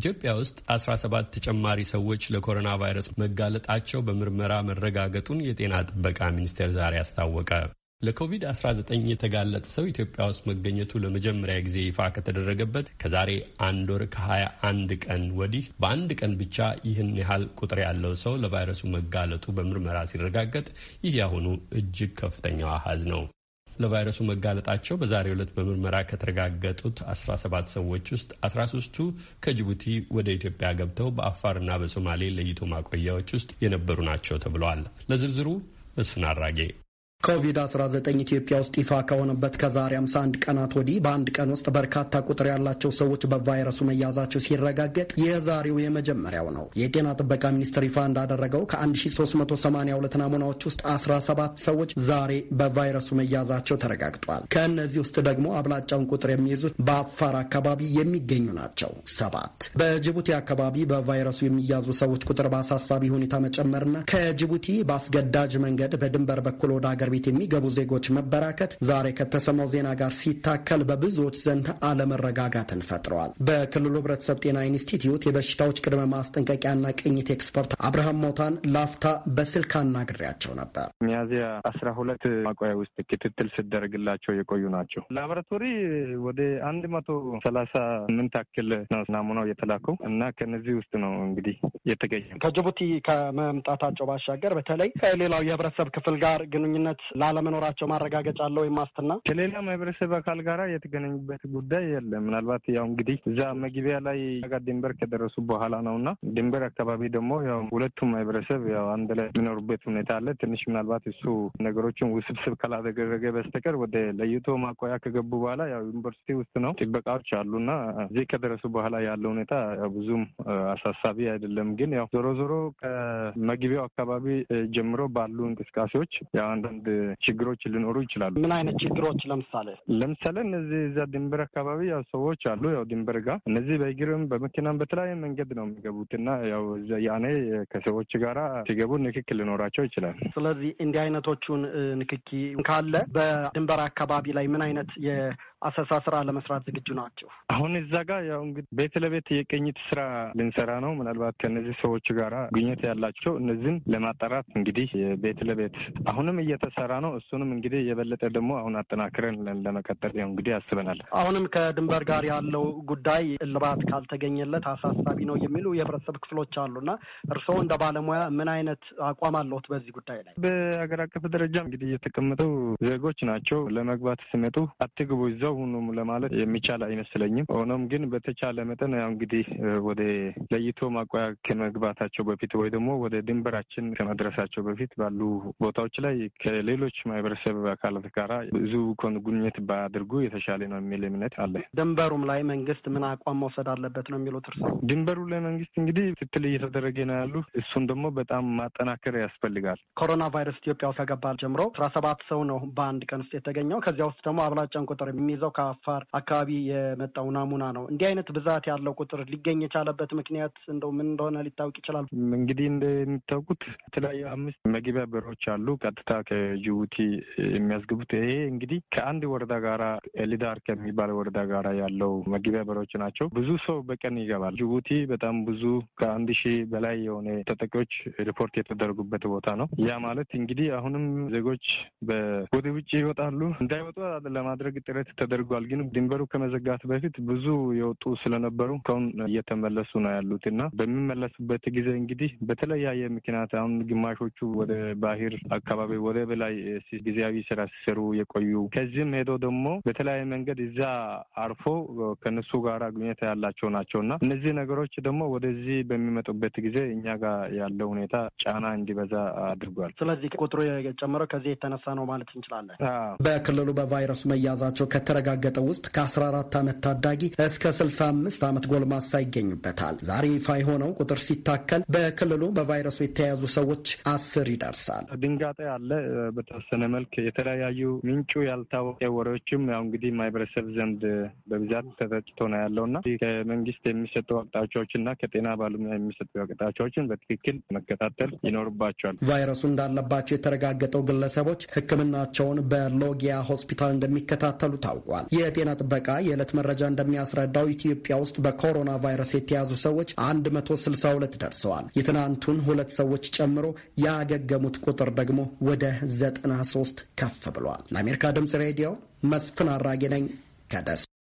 ኢትዮጵያ ውስጥ 17 ተጨማሪ ሰዎች ለኮሮና ቫይረስ መጋለጣቸው በምርመራ መረጋገጡን የጤና ጥበቃ ሚኒስቴር ዛሬ አስታወቀ። ለኮቪድ-19 የተጋለጠ ሰው ኢትዮጵያ ውስጥ መገኘቱ ለመጀመሪያ ጊዜ ይፋ ከተደረገበት ከዛሬ አንድ ወር ከ21 ቀን ወዲህ በአንድ ቀን ብቻ ይህን ያህል ቁጥር ያለው ሰው ለቫይረሱ መጋለጡ በምርመራ ሲረጋገጥ ይህ ያሁኑ እጅግ ከፍተኛው አሃዝ ነው። ለቫይረሱ መጋለጣቸው በዛሬው ዕለት በምርመራ ከተረጋገጡት 17 ሰዎች ውስጥ 13ቱ ከጅቡቲ ወደ ኢትዮጵያ ገብተው በአፋርና በሶማሌ ለይቶ ማቆያዎች ውስጥ የነበሩ ናቸው ተብለዋል። ለዝርዝሩ መስፍን አራጌ ኮቪድ-19 ኢትዮጵያ ውስጥ ይፋ ከሆነበት ከዛሬ 51 ቀናት ወዲህ በአንድ ቀን ውስጥ በርካታ ቁጥር ያላቸው ሰዎች በቫይረሱ መያዛቸው ሲረጋገጥ የዛሬው የመጀመሪያው ነው። የጤና ጥበቃ ሚኒስቴር ይፋ እንዳደረገው ከ1382 ናሙናዎች ውስጥ 17 ሰዎች ዛሬ በቫይረሱ መያዛቸው ተረጋግጧል። ከእነዚህ ውስጥ ደግሞ አብላጫውን ቁጥር የሚይዙት በአፋር አካባቢ የሚገኙ ናቸው ሰባት። በጅቡቲ አካባቢ በቫይረሱ የሚያዙ ሰዎች ቁጥር በአሳሳቢ ሁኔታ መጨመርና ከጅቡቲ በአስገዳጅ መንገድ በድንበር በኩል ወደ ሀገር ቤት የሚገቡ ዜጎች መበራከት ዛሬ ከተሰማው ዜና ጋር ሲታከል በብዙዎች ዘንድ አለመረጋጋትን ፈጥረዋል። በክልሉ ህብረተሰብ ጤና ኢንስቲትዩት የበሽታዎች ቅድመ ማስጠንቀቂያና ቅኝት ኤክስፐርት አብርሃም ሞታን ላፍታ በስልክ አናግሬያቸው ነበር። ሚያዝያ አስራ ሁለት ማቆያ ውስጥ ክትትል ስደረግላቸው የቆዩ ናቸው። ላቦራቶሪ ወደ አንድ መቶ ሰላሳ ስምንት ያክል ነው ናሙናው የተላከው እና ከነዚህ ውስጥ ነው እንግዲህ የተገኘ ከጅቡቲ ከመምጣታቸው ባሻገር በተለይ ከሌላው የህብረተሰብ ክፍል ጋር ግንኙነት ላለመኖራቸው ማረጋገጫ አለ ወይም ዋስትና? ከሌላ ማህበረሰብ አካል ጋራ የተገናኙበት ጉዳይ የለም። ምናልባት ያው እንግዲህ እዛ መግቢያ ላይ ጋር ድንበር ከደረሱ በኋላ ነው እና ድንበር አካባቢ ደግሞ ያው ሁለቱም ማህበረሰብ ያው አንድ ላይ የሚኖሩበት ሁኔታ አለ። ትንሽ ምናልባት እሱ ነገሮችን ውስብስብ ካላደረገ በስተቀር ወደ ለይቶ ማቆያ ከገቡ በኋላ ያው ዩኒቨርሲቲ ውስጥ ነው ጥበቃዎች አሉና እዚህ ከደረሱ በኋላ ያለው ሁኔታ ብዙም አሳሳቢ አይደለም። ግን ያው ዞሮ ዞሮ ከመግቢያው አካባቢ ጀምሮ ባሉ እንቅስቃሴዎች ያው አንዳንድ ችግሮች ሊኖሩ ይችላሉ። ምን አይነት ችግሮች? ለምሳሌ ለምሳሌ እነዚህ እዚያ ድንበር አካባቢ ያው ሰዎች አሉ። ያው ድንበር ጋር እነዚህ በእግርም በመኪናም በተለያየ መንገድ ነው የሚገቡት እና ያው ያኔ ከሰዎች ጋራ ሲገቡ ንክክ ሊኖራቸው ይችላል። ስለዚህ እንዲህ አይነቶቹን ንክኪ ካለ በድንበር አካባቢ ላይ ምን አይነት አሰሳ ስራ ለመስራት ዝግጁ ናቸው? አሁን እዛ ጋር ያው እንግዲህ ቤት ለቤት የቅኝት ስራ ልንሰራ ነው። ምናልባት ከእነዚህ ሰዎች ጋራ ግንኙነት ያላቸው እነዚህን ለማጣራት እንግዲህ ቤት ለቤት አሁንም እየተሳ እየተሰራ ነው። እሱንም እንግዲህ የበለጠ ደግሞ አሁን አጠናክረን ለመቀጠል ያው እንግዲህ ያስበናል። አሁንም ከድንበር ጋር ያለው ጉዳይ እልባት ካልተገኘለት አሳሳቢ ነው የሚሉ የህብረተሰብ ክፍሎች አሉና እርስዎ እንደ ባለሙያ ምን አይነት አቋም አለዎት በዚህ ጉዳይ ላይ? በሀገር አቀፍ ደረጃ እንግዲህ የተቀመጠው ዜጎች ናቸው። ለመግባት ሲመጡ አትግቡ፣ ይዘው ሁኑ ለማለት የሚቻል አይመስለኝም። ሆኖም ግን በተቻለ መጠን ያው እንግዲህ ወደ ለይቶ ማቆያ ከመግባታቸው በፊት ወይ ደግሞ ወደ ድንበራችን ከመድረሳቸው በፊት ባሉ ቦታዎች ላይ ከሌ ሌሎች ማህበረሰብ አካላት ጋራ ብዙ ግንኙነት ባያደርጉ የተሻለ ነው የሚል እምነት አለ። ድንበሩም ላይ መንግስት ምን አቋም መውሰድ አለበት ነው የሚሉት እርስ ድንበሩ ላይ መንግስት እንግዲህ ትትል እየተደረገ ነው ያሉ እሱን ደግሞ በጣም ማጠናከር ያስፈልጋል። ኮሮና ቫይረስ ኢትዮጵያ ውስጥ ከገባ ጀምሮ አስራ ሰባት ሰው ነው በአንድ ቀን ውስጥ የተገኘው። ከዚያ ውስጥ ደግሞ አብላጫን ቁጥር የሚይዘው ከአፋር አካባቢ የመጣው ናሙና ነው። እንዲህ አይነት ብዛት ያለው ቁጥር ሊገኝ የቻለበት ምክንያት እንደው ምን እንደሆነ ሊታወቅ ይችላል። እንግዲህ እንደሚታወቁት የተለያዩ አምስት መግቢያ በሮች አሉ ቀጥታ ከጅቡቲ የሚያስገቡት። ይሄ እንግዲህ ከአንድ ወረዳ ጋራ ኤሊዳር ከሚባል ወረዳ ጋራ ያለው መግቢያ በሮች ናቸው። ብዙ ሰው በቀን ይገባል። ጅቡቲ በጣም ብዙ ከአንድ ሺህ በላይ የሆነ ተጠቂዎች ሪፖርት የተደረጉበት ቦታ ነው። ያ ማለት እንግዲህ አሁንም ዜጎች ወደ ውጭ ይወጣሉ። እንዳይወጡ ለማድረግ ጥረት ተደርጓል። ግን ድንበሩ ከመዘጋት በፊት ብዙ የወጡ ስለነበሩ ከሁን እየተመለሱ ነው ያሉት እና በሚመለሱበት ጊዜ እንግዲህ በተለያየ ምክንያት አሁን ግማሾቹ ወደ ባህር አካባቢ ወደ ላይ ጊዜያዊ ስራ ሲሰሩ የቆዩ ከዚህም ሄዶ ደግሞ በተለያየ መንገድ እዛ አርፎ ከነሱ ጋር ግንኙነት ያላቸው ናቸው እና እነዚህ ነገሮች ደግሞ ወደዚህ በሚመጡበት ጊዜ እኛ ጋር ያለው ሁኔታ ጫና እንዲበዛ አድርጓል። ስለዚህ ቁጥሩ የጨመረው ከዚህ የተነሳ ነው ማለት እንችላለን። በክልሉ በቫይረሱ መያዛቸው ከተረጋገጠ ውስጥ ከአስራ አራት ዓመት ታዳጊ እስከ ስልሳ አምስት ዓመት ጎልማሳ ይገኙበታል። ዛሬ ይፋ የሆነው ቁጥር ሲታከል በክልሉ በቫይረሱ የተያያዙ ሰዎች አስር ይደርሳል። ድንጋጤ አለ። በተወሰነ መልክ የተለያዩ ምንጩ ያልታወቀ ወሬዎችም ያው እንግዲህ ማህበረሰብ ዘንድ በብዛት ተረጭቶ ነው ያለው እና ከመንግስት የሚሰጡ አቅጣጫዎች እና ከጤና ባለሙያ የሚሰጡ አቅጣጫዎችን በትክክል መከታተል ይኖርባቸዋል። ቫይረሱ እንዳለባቸው የተረጋገጠው ግለሰቦች ሕክምናቸውን በሎጊያ ሆስፒታል እንደሚከታተሉ ታውቋል። የጤና ጥበቃ የዕለት መረጃ እንደሚያስረዳው ኢትዮጵያ ውስጥ በኮሮና ቫይረስ የተያዙ ሰዎች 162 ደርሰዋል። የትናንቱን ሁለት ሰዎች ጨምሮ ያገገሙት ቁጥር ደግሞ ወደ 93 ከፍ ብሏል። ለአሜሪካ ድምፅ ሬዲዮ መስፍን አራጌ ነኝ ከደስ